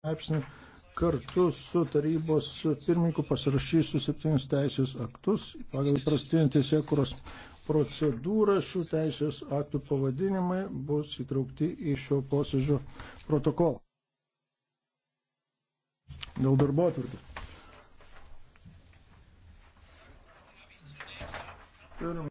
straipsnį kartu su tarybos pirmininku pasirašysiu septynis teisės aktus pagal prastinį teisėkuros procedūrą šių teisės aktų pavadinimai bus įtraukti į šio posėdžio protokolą. Dėl darbo atvarkės. Pirma.